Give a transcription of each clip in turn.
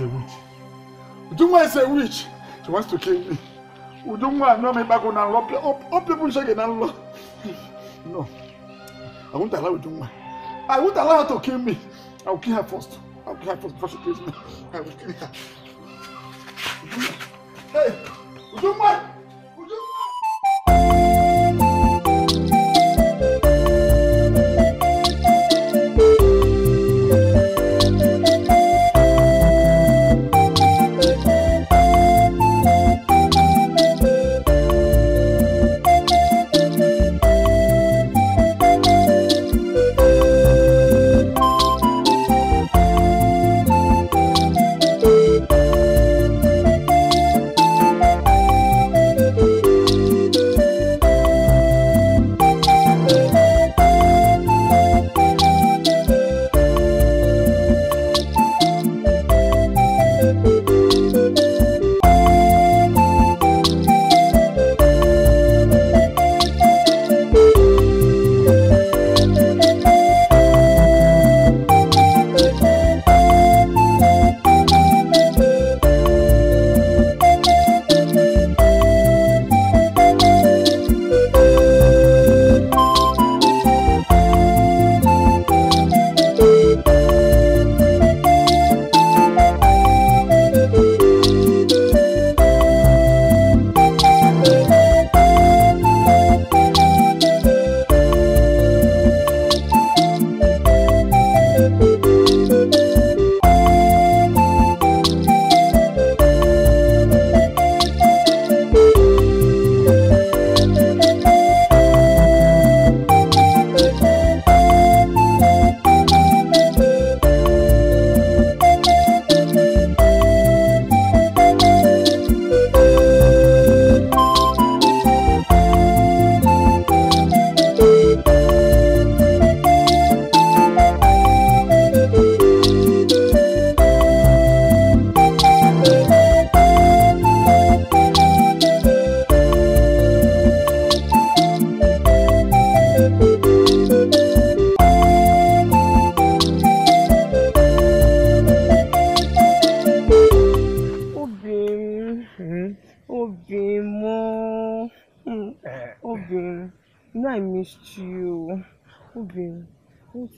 is a witch. Udumwa is a witch. She wants to kill me. Udumwa, no, me back on and lop. Up people shake it and lop. No. I won't allow Udumwa. I won't allow her to kill me. I'll kill her first. I'll kill her first before she kills me. I will kill her. Udumwa. Hey! Udumwa!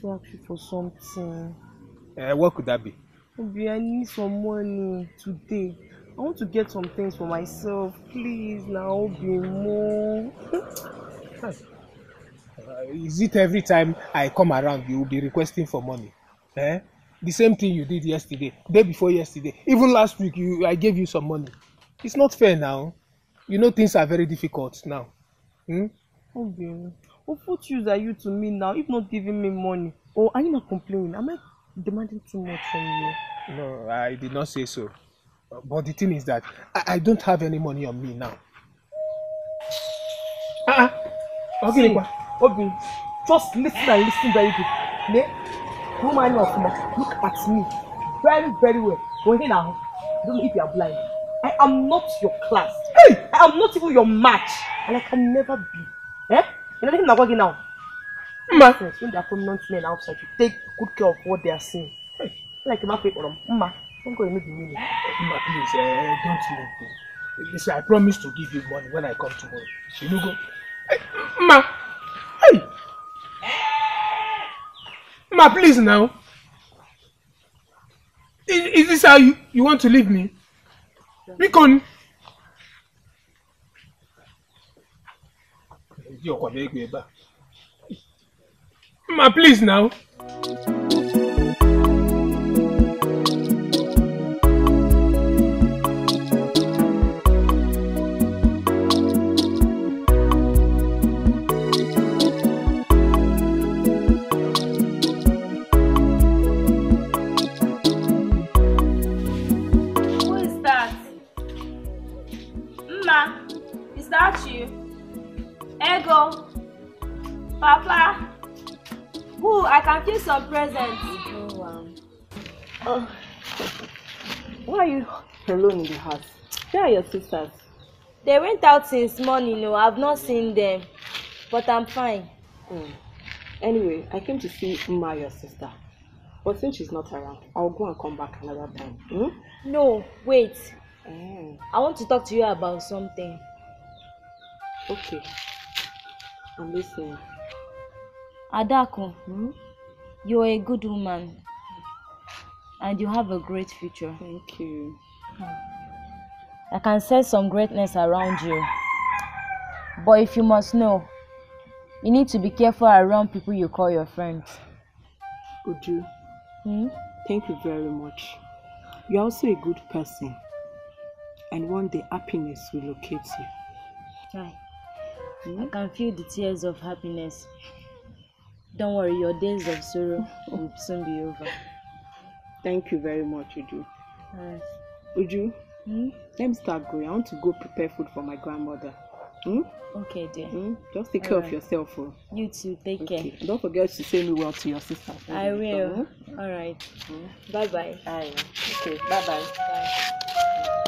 to ask you for something. Uh, eh, what could that be? Obi, I need some money today. I want to get some things for myself. Please, now, Obi, more. Uh, is it every time I come around you will be requesting for money? Eh? The same thing you did yesterday, day before yesterday, even last week. You, I gave you some money. It's not fair now. You know things are very difficult now. Hmm? Obi. Okay. What use are you to me now if not giving me money? Or are you not complaining? Am I demanding too much from you? No, I did not say so. But the thing is that I, I don't have any money on me now. Ah, uh ah. okay, Obi, just listen and listen very good. Ne, woman of my, look at me very, very well. Go ahead now. I don't know if you are blind. I am not your class. Hey! I am not even your match. And I can never be. Eh? You know, they're not working now. Hmm. Masses, when they are prominent men outside, you take good care of what they are seeing. Hey. Like, you're not fake or Ma, don't go and make the meaning. Ma, please, uh, don't leave. Listen, I promise to give you money when I come tomorrow. You know, go. Hey, ma. Hey. Ma, please now. Is, is this how you, you want to leave me? Recon. Yeah. ji ọkwado ego ebe a ma please now Papa. Who? I can feel some presents. Oh, Why are you alone in the house? Where are your sisters? They went out since morning, no. I've not seen them. But I'm fine. Mm. Anyway, I came to see Ma, your sister. But since she's not around, I'll go and come back another time. Mm? No, wait. Mm. I want to talk to you about something. Okay. I'm listening. Adako, hmm? you're a good woman and you have a great future. Thank you. Hmm. I can sense some greatness around you. But if you must know, you need to be careful around people you call your friends. Uju, hmm? thank you very much. You're also a good person. And one day happiness will locate you. Right. I hmm? can feel the tears of happiness. Don't worry, your days of sorrow will soon be over. Thank you very much, Uju. Right. Uju, hmm? let me start going. I want to go prepare food for my grandmother. Hmm? Okay, dear. Hmm? Just take All care right. of yourself. Oh. You too. Take okay. care. Don't forget to say me well to your sister. I will. So, hmm? All right. Hmm? Bye-bye. Bye. Okay. Bye-bye. Bye.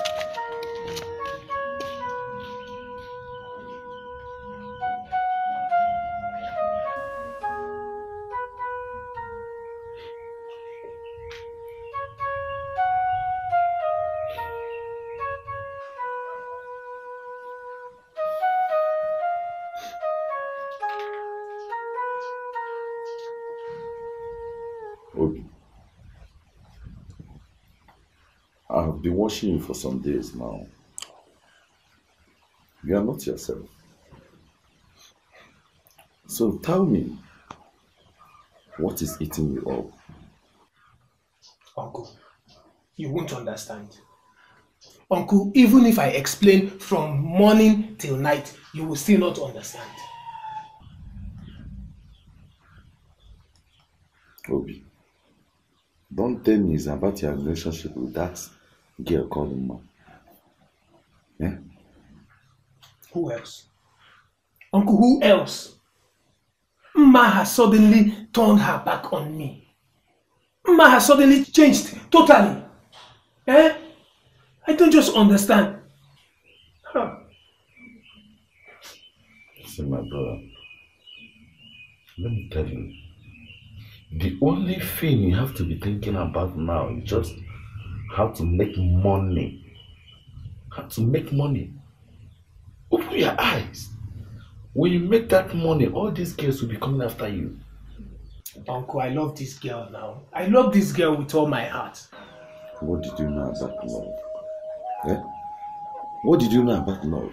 I've been watching you for some days now. You are not yourself. So tell me, what is eating you up? Uncle, you won't understand. Uncle, even if I explain from morning till night, you will still not understand. Obi, don't tell me it's about your relationship with that Gail called him mom. Yeah? Who else? Uncle, who else? Ma has suddenly turned her back on me. Ma has suddenly changed totally. Eh? I don't just understand. Huh. See, my brother, let me tell you, the only thing you have to be thinking about now is just how to make money how to make money open your eyes when you make that money all these girls will be coming after you. uncle i love this girl now i love this girl with all my heart. what did you know about love eh what did you know about love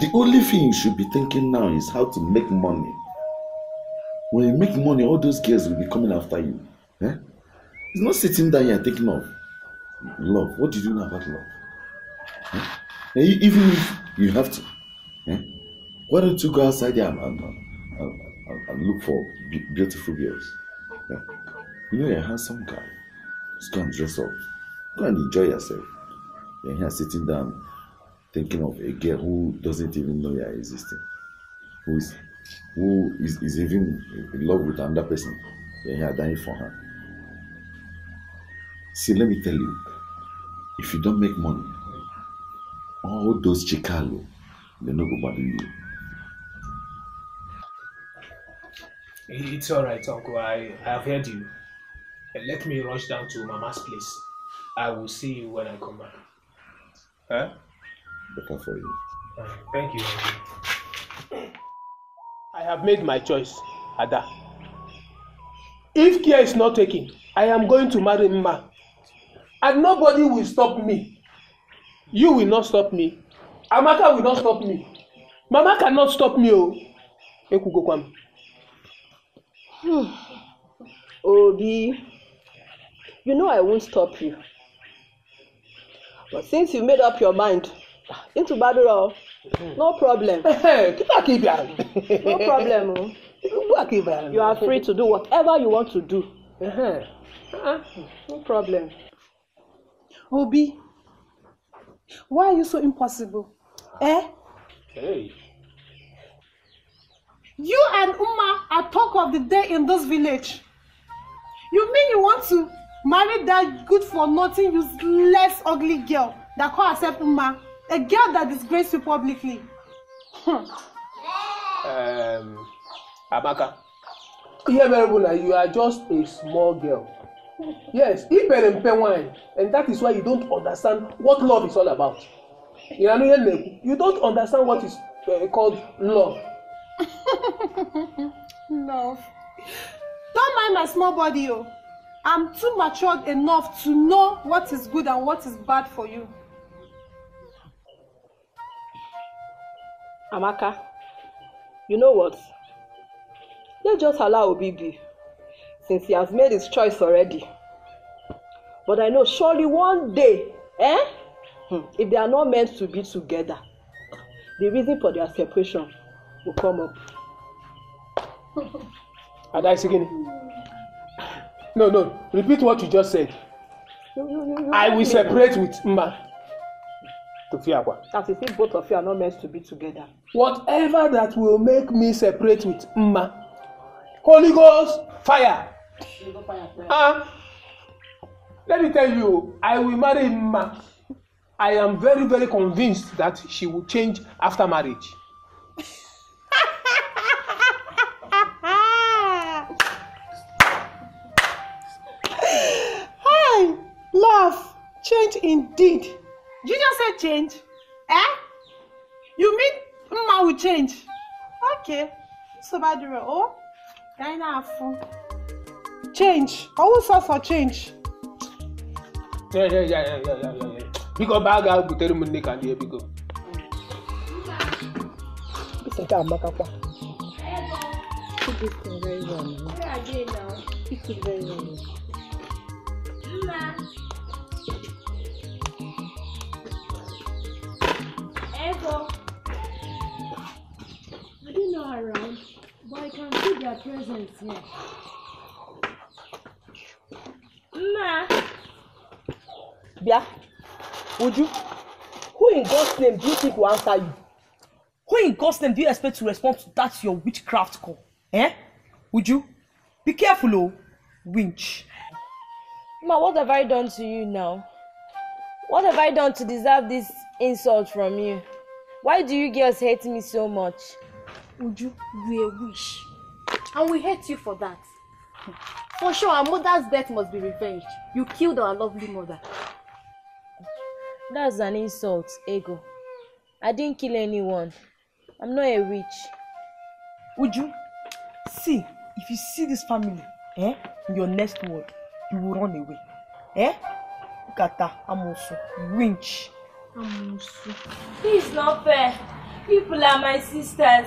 the only thing you should be thinking now is how to make money when you make money all those girls will be coming after you eh It's not sitting down here taking off. Love. What do you do now about love? Even if you have to, why don't you go outside there and, and, and, and look for beautiful girls? You know, you're a handsome guy. Just go and dress up. Go and enjoy yourself. You're here sitting down thinking of a girl who doesn't even know you're existing, who is who is, is even in love with another person. You're here dying for her. See, let me tell you, if you don't make money, all those chikalo, they no go value you. It's all right, Uncle. I, I have heard you. Let me rush down to Mama's place. I will see you when I come back. Huh? Better for you. Thank you. I have made my choice, Ada. If care is not taken, I am going to marry Mama and nobody will stop me you will not stop me amaka will not stop me mama cannot stop me o oh. eku go kwam. obi you know i won't stop you but since you made up your mind into badoro hmm. no problem. kíkà kí ibi no problem o. kíkà kí ibi you are free to do whatever you want to do. Uh -huh. Uh -huh. no problem. Obi, why are you so impossible? Eh? Hey. You and Uma are talk of the day in this village. You mean you want to marry that good-for-nothing, useless, ugly girl that call herself Uma? A girl that disgraces you publicly. Hmm. Um, Amaka, you are you are just a small girl yes ibere mpe wine, and that is why you don't understand what love is all about ịranụ ihe na you don't understand what is uh, called love. love don't mind my small body o oh. i'm too matured enough to know what is good and what is bad for you. amaka you know what let's just allow obi be since he has made his choice already but i know surely one day eh hmm, if they are not meant to be together the reason for their separation will come up. adaisi gini no no repeat what you just said i will separate with mma tofiakwa. as you see both of you are not meant to be together. whatever that will make me separate with mma holy ghost fire Ah, let me tell you, I will marry Ma. I am very, very convinced that she will change after marriage. Hi, love, change indeed. You just said change, eh? You mean Ma will change? Okay, so bad, oh, Dinah, change I wan source for change. Yeah, yeah, yeah, yeah, yeah, yeah, yeah. biko baa ga butere m nne ka lie biko nke amakakwa Ego, are you now? I not around? But I can see their presence here. Ma. Bia, would you? Who in God's name do you think will answer you? Who in God's name do you expect to respond to that your witchcraft call? Eh? Would you? Be careful, oh. Winch. Ma, what have I done to you now? What have I done to deserve this insult from you? Why do you girls hate me so much? Uju, you a wish. And we hate you for that. For sure, our mother's death must be revenged. You killed our lovely mother. That's an insult, Ego. I didn't kill anyone. I'm not a witch. Would you see, if you see this family, eh, in your next world, you will run away. Eh? Look at her, Amosu, winch. Amosu. This is not fair. People are my sisters.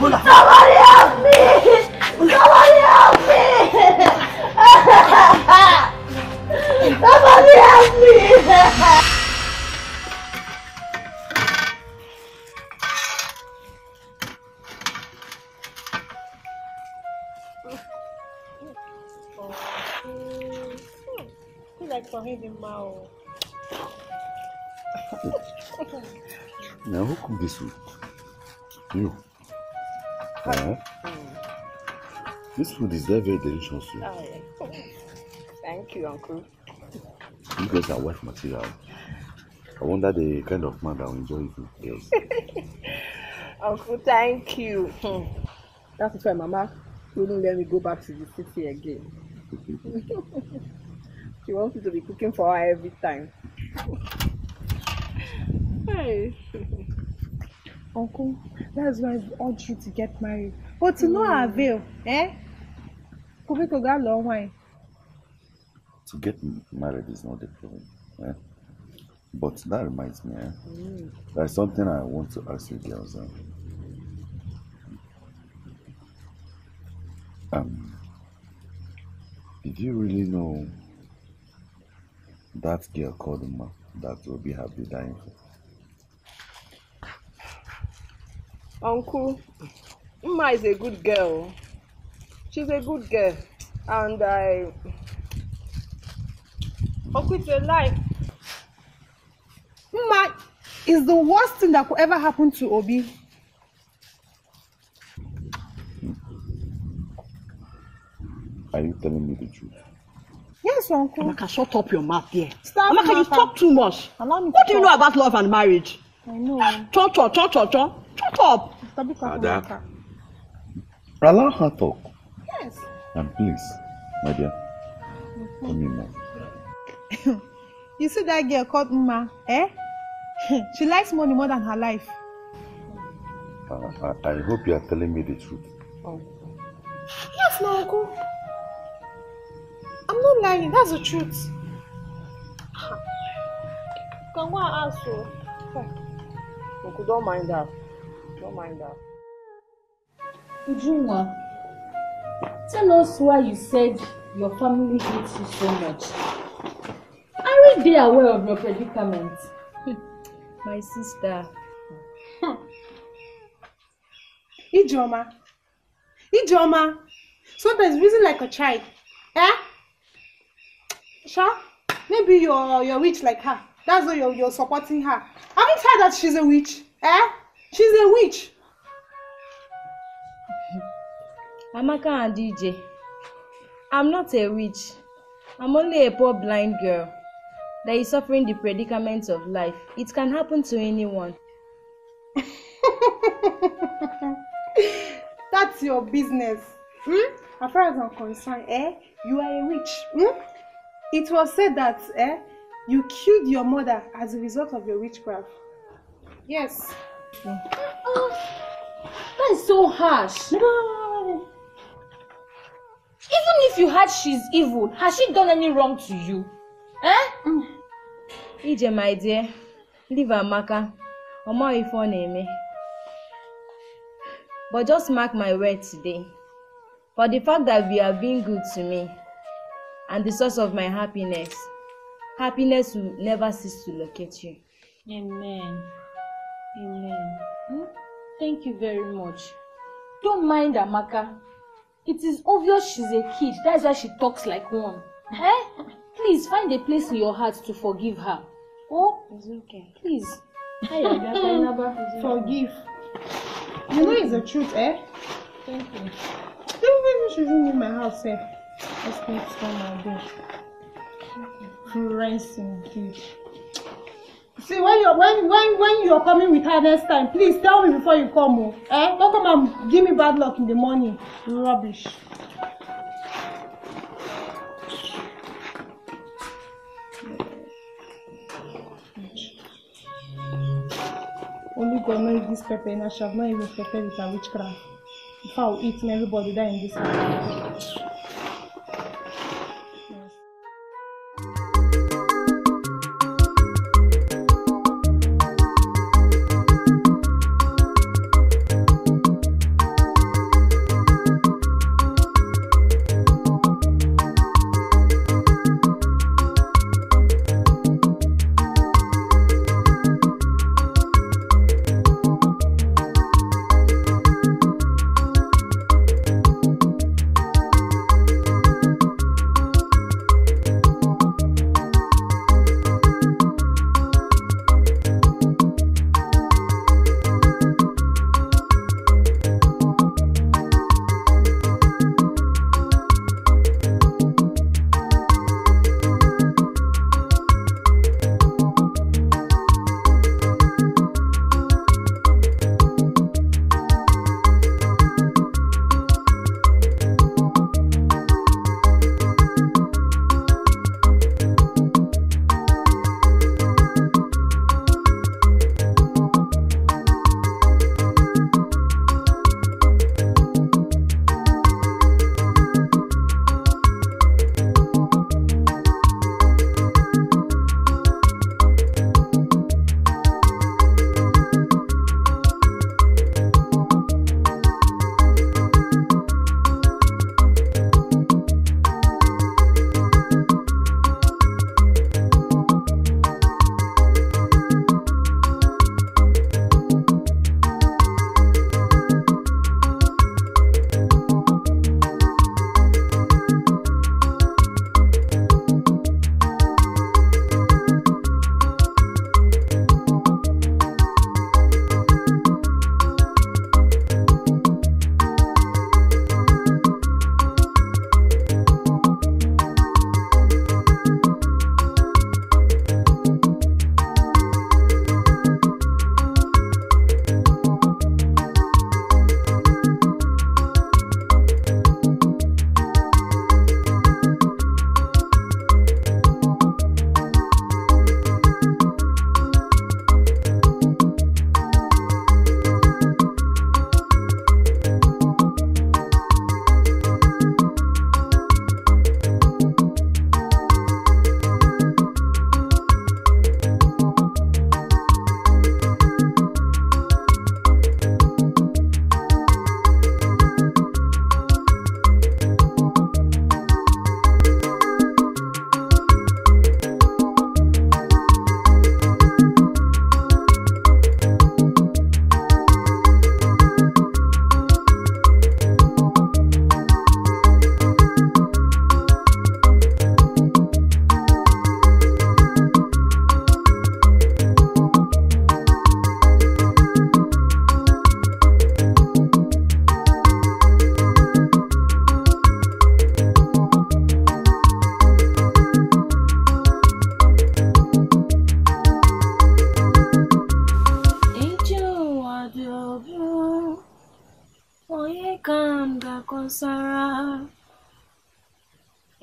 混了！food is very, very delicious. Oh, yeah. Thank you, Uncle. You guys are wife material. I wonder the kind of man that will enjoy you. Yes. Uncle, thank you. Hmm. That's why Mama wouldn't let me go back to the city again. she wants me to be cooking for her every time. hey. Uncle, that's why I urge you to get married. But to mm. no hmm. avail, eh? to get married is not the problem eh? but that reminds me eh? mm. there's something i want to ask you girls eh? um did you really know that girl called Uma that will be happy dying for? Uncle, Uma is a good girl. she's a good girl and I Okwute like Mma is the worst thing that could ever happen to Obi. Are you telling me the truth? Yes, Uncle. Amaka, shut up your mouth there. Stop Amaka, you talk too much. Allow me what do you know about love and marriage? I know. Chon, chon, chon, chon, chon. Shut up. Stop it, Amaka. Allow her talk. Yes. And please, my dear, come in now. you see that girl called Uma, eh? she likes money more than her life. Uh, I, I, hope you are telling me the truth. Oh. Yes, my uncle. I'm not lying. That's the truth. Can one ask you? Oh. Uncle, don't mind her. Don't mind her. Ujungwa. Tell us why you said your family hates you so much. Are they aware of your predicament? My sister. Ijeoma. Ijeoma. Sometimes reason like a child. Eh? Sure? Maybe you're you're witch like her. That's why you're, you're supporting her. Haven't heard that she's a witch? Eh? She's a witch. Amaka and DJ. I'm not a witch. I'm only a poor blind girl that is suffering the predicaments of life. It can happen to anyone. That's your business. Hmm? As far as I'm concerned, eh? You are a witch. Hmm? It was said that eh, you killed your mother as a result of your witchcraft. Yes. Mm. Uh, that is so harsh. No. Even if you heard she's evil, has she done any wrong to you? Eh? Mm. Ije, my dear, leave Amaka. Omo if on eme. But just mark my word today. For the fact that you have been good to me and the source of my happiness, happiness will never cease to locate you. Amen. Amen. Hmm? Thank you very much. Don't mind Amaka. It is obvious she's a kid. That's why she talks like one. eh? Please find a place in your heart to forgive her. Oh, it's okay. Please. forgive. You know it's the truth, eh? Thank you. Don't should she's in my house, eh? Let's keep my bed. Friends indeed. See, when you're when when when you're coming with her next time, please tell me before you come, oh, eh? Don't come and give me bad luck in the morning. lobbies. Only God knows this pepper in a shop, not even pepper with a witchcraft. If I eat né, everybody die in this house.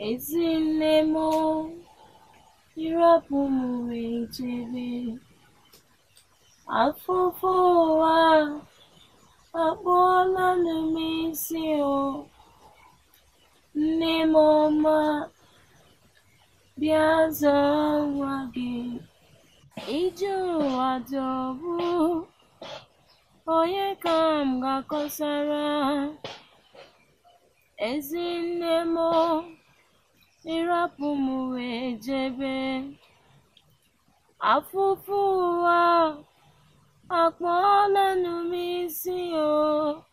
ezi nne m iropu m wee jebe, afụfụ ụwa akpọọla m isi o, nne m ọma, bịa zaa nwa gị, ije ụwa onye ka m ga-akọsara? Ezinne m ịrapụ m wee jebe, afụfụ ụwa akpọọlanụ m isi o,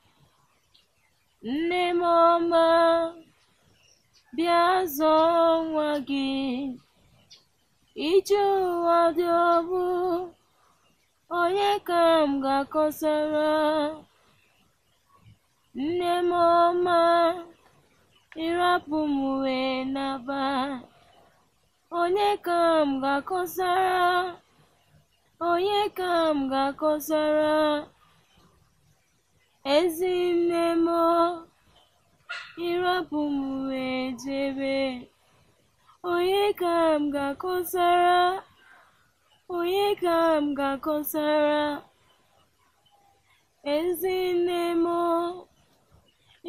nne m ọma, bịa zọọ nwa gị, iji ụwa dị ọbụ onye ka m ga-akọsara? Nne m ọma, ịrapụ m wee naba, onye ka m ga-akọsara? onye ka m ga-akọsara? Ezi nne m o, ịrapụ m wee jebe, onye ka m ga-akọsara? onye ka m ga-akọsara? Ezi nne m ọ,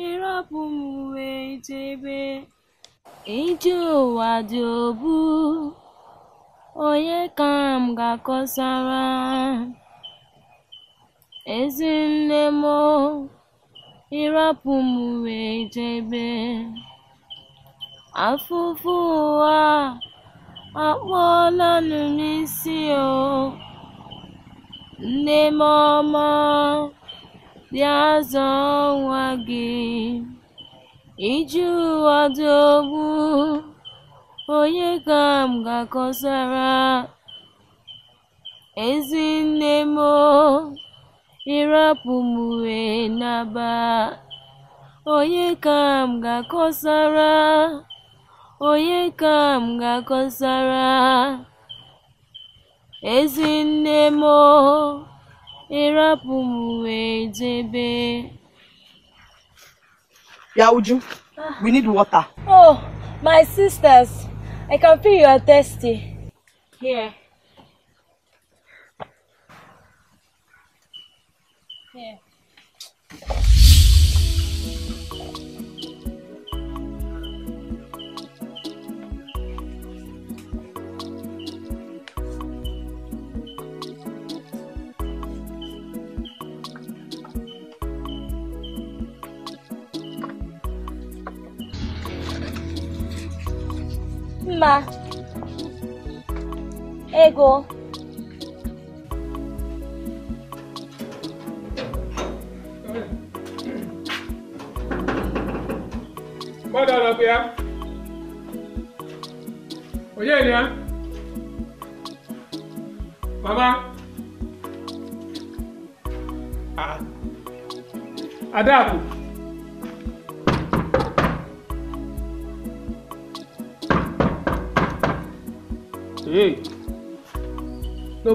ịrọpụ m uwe ichebe ije ụwa dị obu onye ka m ga-akọsara ezi nne m ịrọpụ m uwe ichebe afụfụ ụwa akpọọla n'isi o nne m ọma Dị zọọ nwa gị iji ụwa dị ogbu onye ka m ga-akọsara ezi nne m ịrapụ m n'aba onye ka m ga-akọsara onye ka m ga-akọsara ezi nne m ị rapụ m wee jebe ya uju we need water oh my sisters i can feel you are thirsty here here Diego. Bọ́dọ̀ lọ pé á. Òye ni á.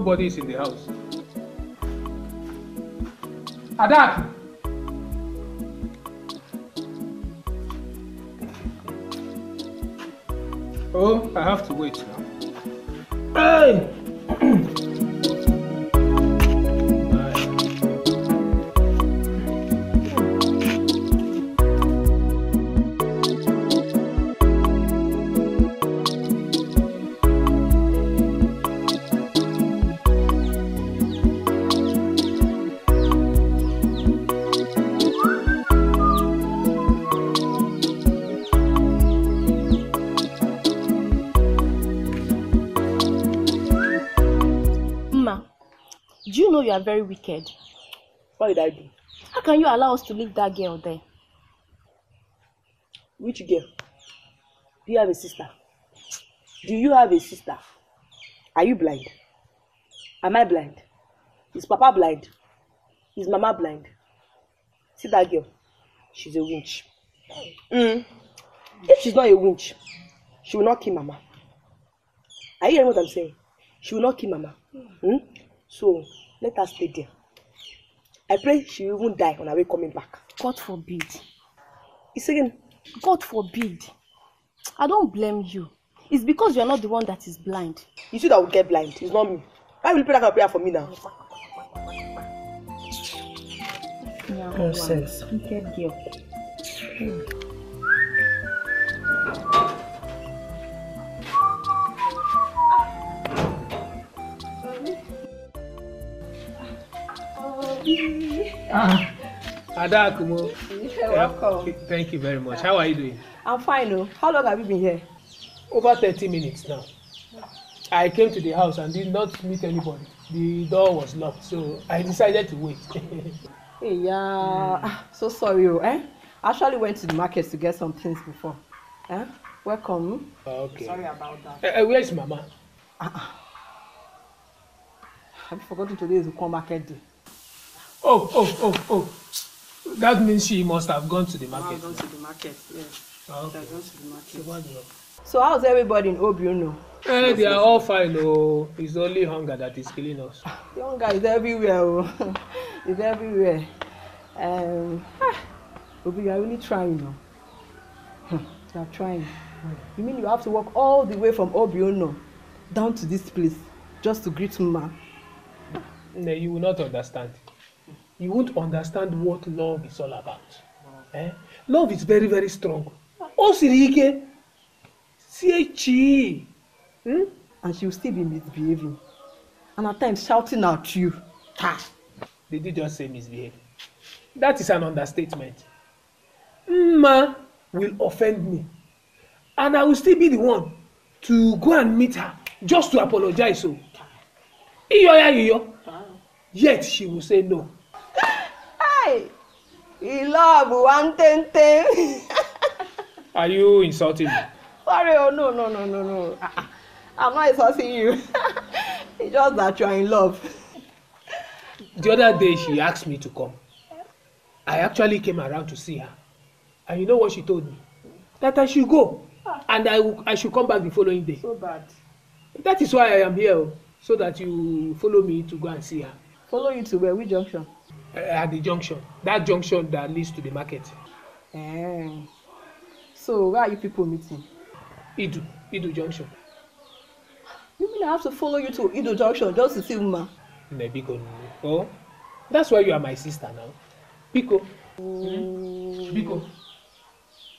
Nobody is in the house. Adak. Oh, I have to wait. you are very wicked. What did I do? How can you allow us to leave that girl there? Which girl? Do you have a sister? Do you have a sister? Are you blind? Am I blind? Is Papa blind? Is Mama blind? See that girl? She's a winch. Mm. If she's not a winch, she will not kill Mama. Are you hearing what I'm saying? She will not kill Mama. Mm? So let her stay there i pray she even die on her way coming back. god forbid. it's again. god forbid i don't blame you it's because you are not the one that is blind. you see that will get blind it's not me why will you pray that prayer for me now. nonsense. wicked girl. Hmm. Ah, Ada Akumo. You're welcome. Thank you very much. How are you doing? I'm fine. Oh. How long have you been here? Over 30 minutes now. I came to the house and did not meet anybody. The door was locked, so I decided to wait. hey, yeah. Mm. So sorry. Oh, eh? I actually went to the market to get some things before. Eh? Welcome. Ah, okay. Sorry about that. Uh, where is Mama? Uh, you forgotten today is the corn market day. Oh, oh, oh, oh. That means she must have gone to the market. I've ah, gone to the market, yes. okay. So how's everybody in Obiuno? Eh, they are all fine, oh. It's only hunger that is killing us. The hunger is everywhere, oh. it's everywhere. Um, ah, Obi, you are really trying, oh. Huh. You are trying. You mean you have to walk all the way from Obiuno down to this place just to greet Mma? No, you will not understand you won't understand what love is all about. Eh? Love is very, very strong. O siri ike, chi. Hmm? And she will still be misbehaving. And at times shouting at you. Ta! Did you just say misbehave? That is an understatement. Mma will offend me. And I will still be the one to go and meet her just to apologize. So, oh. iyo iyo. Yet she will say no love one ten ten. Are you insulting me? Sorry, oh no, no, no, no, no. Ah, ah. I'm not insulting you. It's just that you are in love. The other day she asked me to come. I actually came around to see her. And you know what she told me? That I should go. And I, I should come back the following day. So bad. That is why I am here, oh, so that you follow me to go and see her. Follow you to where? Which junction? uh, at the junction that junction that leads to the market. Um, so where are you people meeting. Idu Idu junction. You mean I have to follow you to Idu junction just to see Uma. na biko oh that's why you are my sister now biko. Mm. biko.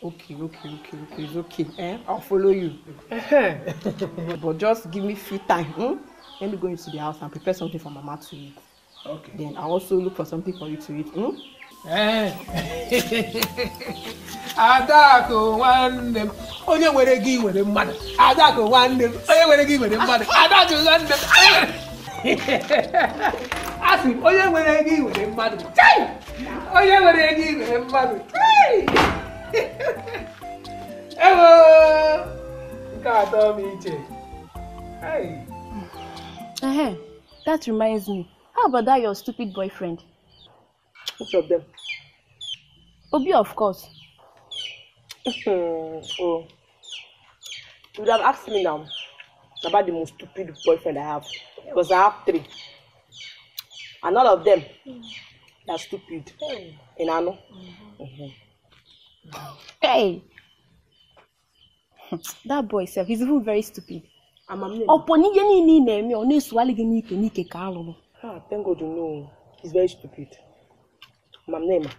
okay okay okay okay it's okay eh? i'll follow you but just give me few time hmm? let me go into the house and prepare something for mama to eat. Okay. Then I also look for something for you to eat. Hmm? Eh. Adakụ nwanne m onye nwere gị nwere mmadụ Adakụ nwanne m onye nwere gị nwere mmadụ Adakụ nwanne m asị m onye nwere gị nwere mmadụ onye nwere gị nwere mmadụ ewo nke atọ m iche That reminds me How about that your stupid boyfriend? Which of them? Obi, of course. Hmm, oh. You would have asked me now about the most stupid boyfriend I have. Because I have three. And all of them they are stupid. Mm. In Ano. Mm-hmm. Mm-hmm. Hey. that boy self, he's even very stupid. Amamiye. Ọ̀pọ̀ níyẹn ní ní ìnà ẹ̀mí ọ̀ ní èso alẹ́ gẹ̀ ní ìkè ní ìkè ká lọ́wọ́. Ah, thank God you know. He's very stupid. Mam Nema.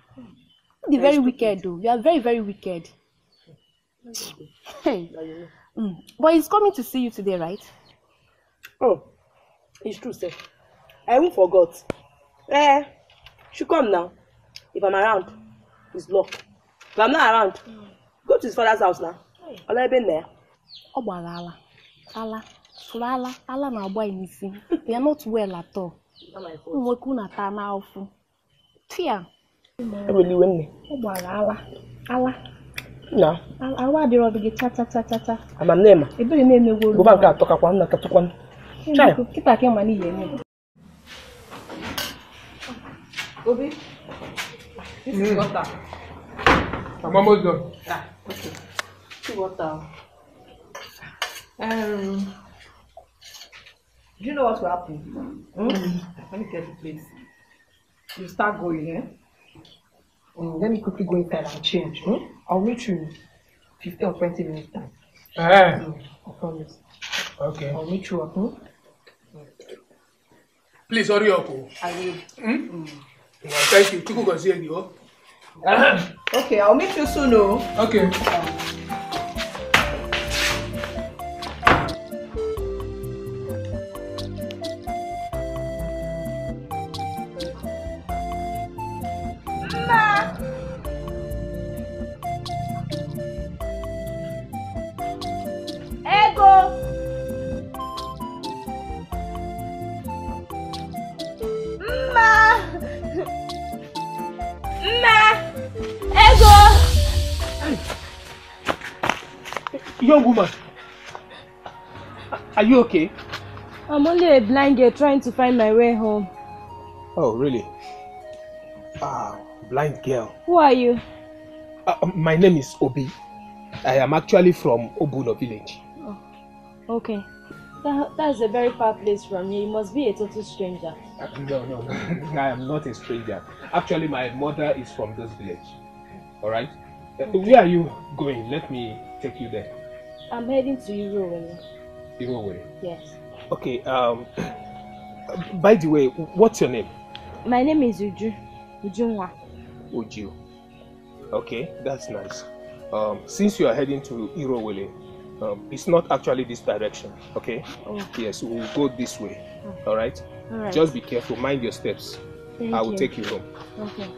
The very stupid. wicked though. You are very, very wicked. hey. Mm. But he's coming to see you today, right? Oh, it's true, sir. I even forgot. Eh, she come now. If I'm around, it's locked. If I'm not around, mm. go to his father's house now. Ọlá ebe nna ya. Ọ gbara ala, ala, sụrụ ala, ala na-agba ya They are not well at all. ụmụ nwoke na ata n'afụ tia eweliwe ọ gbara ala ala Awa arụ adịrọ gị chatachatata taa ebere na-emegwo nke atọ kakwa kịta ka ịma n'ihi eme obi Do you know what will happen? Hmm? hmm? Let me get the place. You start going, eh? Mm, let me quickly go inside and change. Hmm? I'll meet you in 15 or 20 minutes time. Eh. Mm, I promise. Okay. I'll meet you up. Hmm? Please hurry up. Oh. I will. Hmm? Mm. Well, thank you. Chiku can see you. Okay, I'll meet you soon. Oh. Okay. Um, you okay? I'm only a blind girl trying to find my way home. Oh, really? Ah, blind girl. Who are you? Uh, um, my name is Obi. I am actually from Obuno village. Oh, okay. That, that's a very far place from you. You must be a total stranger. Uh, no, no, no. I am not a stranger. Actually, my mother is from this village. Alright? Uh, okay. Where are you going? Let me take you there. I'm heading to Europe. Igbo Yes. Okay. Um. By the way, what's your name? My name is Uju. Ujunwa. Uju. Okay, that's nice. Um, since you are heading to Irowele, um, it's not actually this direction. Okay. Oh. Yes, we'll go this way. Oh. All right. All right. Just be careful. Mind your steps. Thank I will you. take you home. Okay.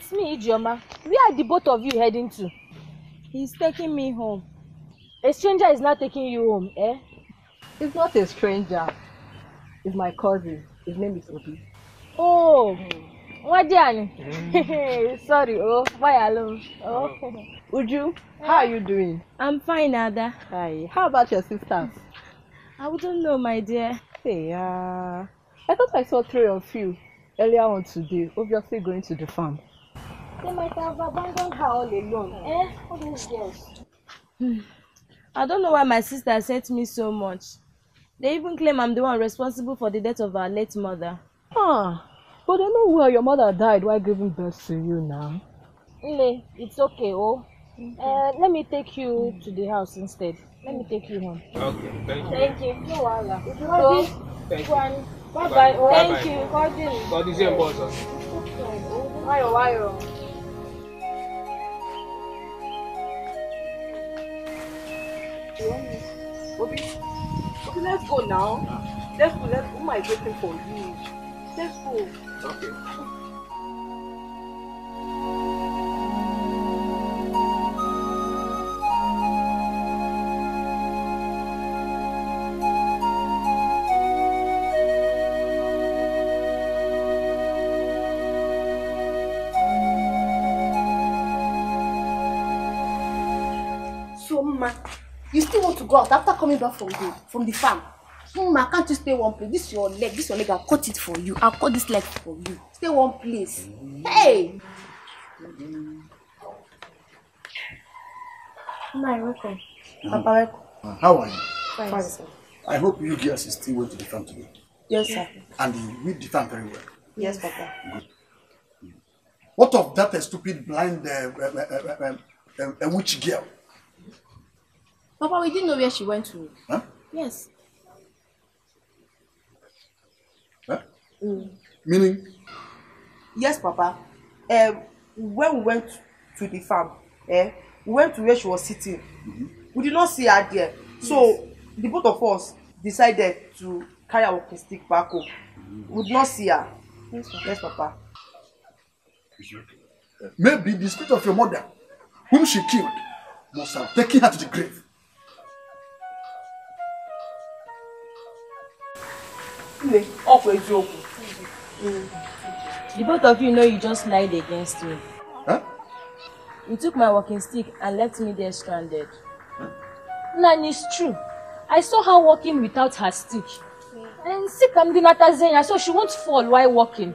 It's me, Ijeoma. Where are the both of you heading to? He's taking me home. A stranger is not taking you home, eh? It's not a stranger. It's my cousin. His name is Obi. Oh, Wadiani. Mm. Sorry, oh, why alone? Oh. oh. Uju, how are you doing? I'm fine, Ada. Hi. How about your sisters? I wouldn't know, my dear. Hey, uh, I thought I saw three of you earlier on today, obviously going to the farm. They might have abandoned her all alone. Eh? What is this? I don't know why my sister upset me so much. They even claim I'm the one responsible for the death of our late mother. Ah, but I know where your mother died while giving birth to you now. Ile, it's okay, oh. Okay. Uh, let me take you to the house instead. Let me take you home. Okay, thank you. Thank you. No wala. So, thank you. Bye bye. bye, -bye. Thank bye. you. God is Bye bye. Bye bye. Obi, Obi, let's go now. Let's go, let's go. Who am I waiting for you? Let's go. Okay. So much. You still want to go out after coming back from the from the farm. Mma, can't you stay one place? This your leg, this your leg, I'll cut it for you. I'll cut this leg for you. Stay one place. Hey! My welcome. Mm-hmm. Papa, welcome. Uh, how are you? Fine, sir. I hope you girls still went to the farm today. Yes, sir. And you read the farm very well. Yes, Papa. Good. What of that stupid blind uh, uh, uh, uh, uh, uh, uh, uh witch girl? Papa, we didn't know where she went to. Huh? Yes. Huh? Mm. Meaning? Yes, Papa. Um, when we went to the farm, eh, we went to where she was sitting. Mm-hmm. We did not see her there. Yes. So the both of us decided to carry our walking stick back home. Mm-hmm. We did not see her. Yes, Papa. Yes, Papa. Maybe the spirit of your mother, whom she killed, must have taken her to the grave. The both of you know you just lied against me. Huh? You took my walking stick and left me there stranded. Huh? And it's true. I saw her walking without her stick. And sick Amdinata I saw she won't fall while walking.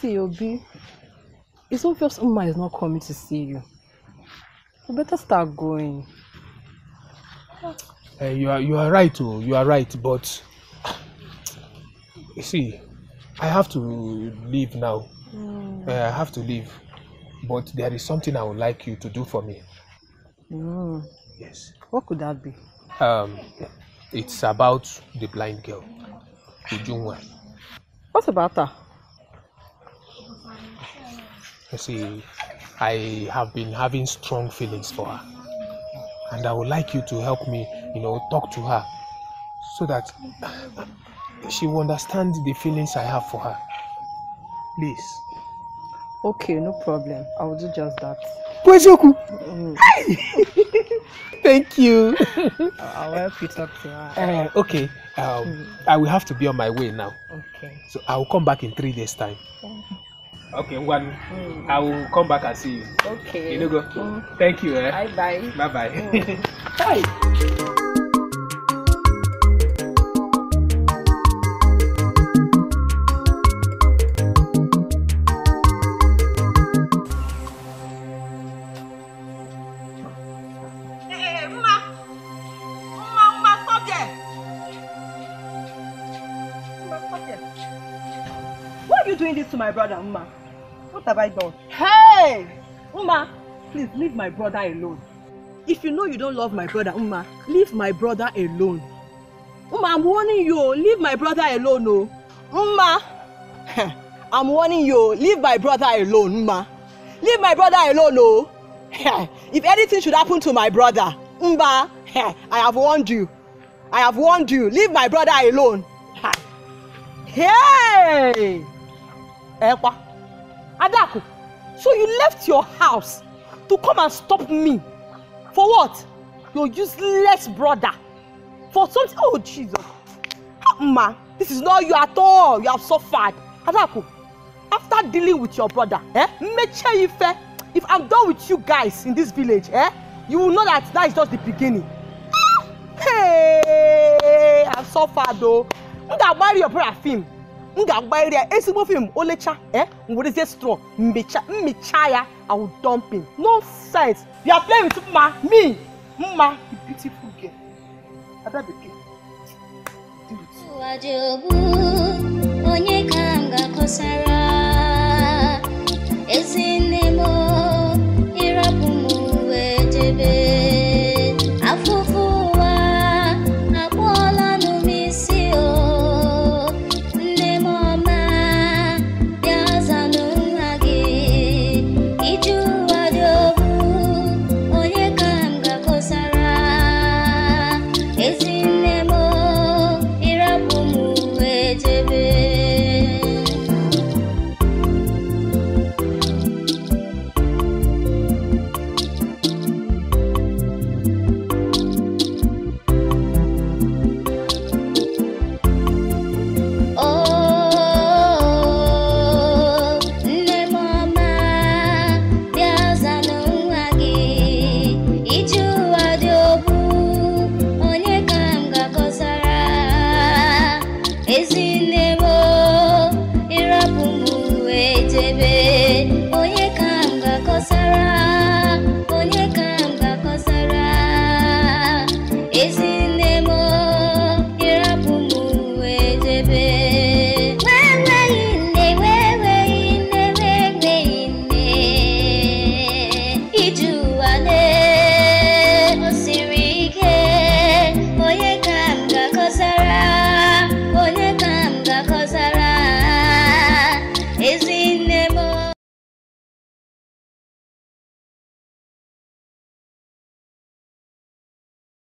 see Obi. It's obvious Uma is not coming to see you. You better start going. Uh, you are you are right, oh, you are right, but you see, I have to leave now. Mm. Uh, I have to leave but there is something I would like you to do for me. Mm. Yes. What could that be? Um, it's about the blind girl, Ujungwa. What about her? You see, I have been having strong feelings for her, and I would like you to help me, you know, talk to her, so that she will understand the feelings I have for her. Please. Okay, no problem. I will do just that. Pojoku! Mm. Thank you. I will help you talk to her. Uh, okay. Um, mm. I will have to be on my way now. Okay. So I will come back in three days' time. Okay, one. Mm. I will come back and see you. Okay. You go. Mm. Thank you. Eh? Bye bye. Bye bye. Mm. bye. my brother, Uma. What have I done? Hey! Uma, please leave my brother alone. If you know you don't love my brother, Uma, leave my brother alone. Uma, I'm warning you, leave my brother alone, no. Oh. Uma, I'm warning you, leave my brother alone, Uma. Leave my brother alone, no. Oh. If anything should happen to my brother, Uma, I have warned you. I have warned you. Leave my brother alone. Hey! ẹ̀ẹ́pá Adaku so you left your house to come and stop me for what your useless brother for something oh Jesus ah, ma this is not you at all you have suffered Adaku after dealing with your brother eh Meche Ife if I'm done with you guys in this village eh you will know that that is just the beginning ah, hey I suffered oo you gats marry your brother film m ga-agba e eh? ya ezigbo fim olecha e werezie straw mmecha mmecha ya awu dumping no sense you are playing with mma me mma the beautiful girl ada bekee onye ka m ga-akọsara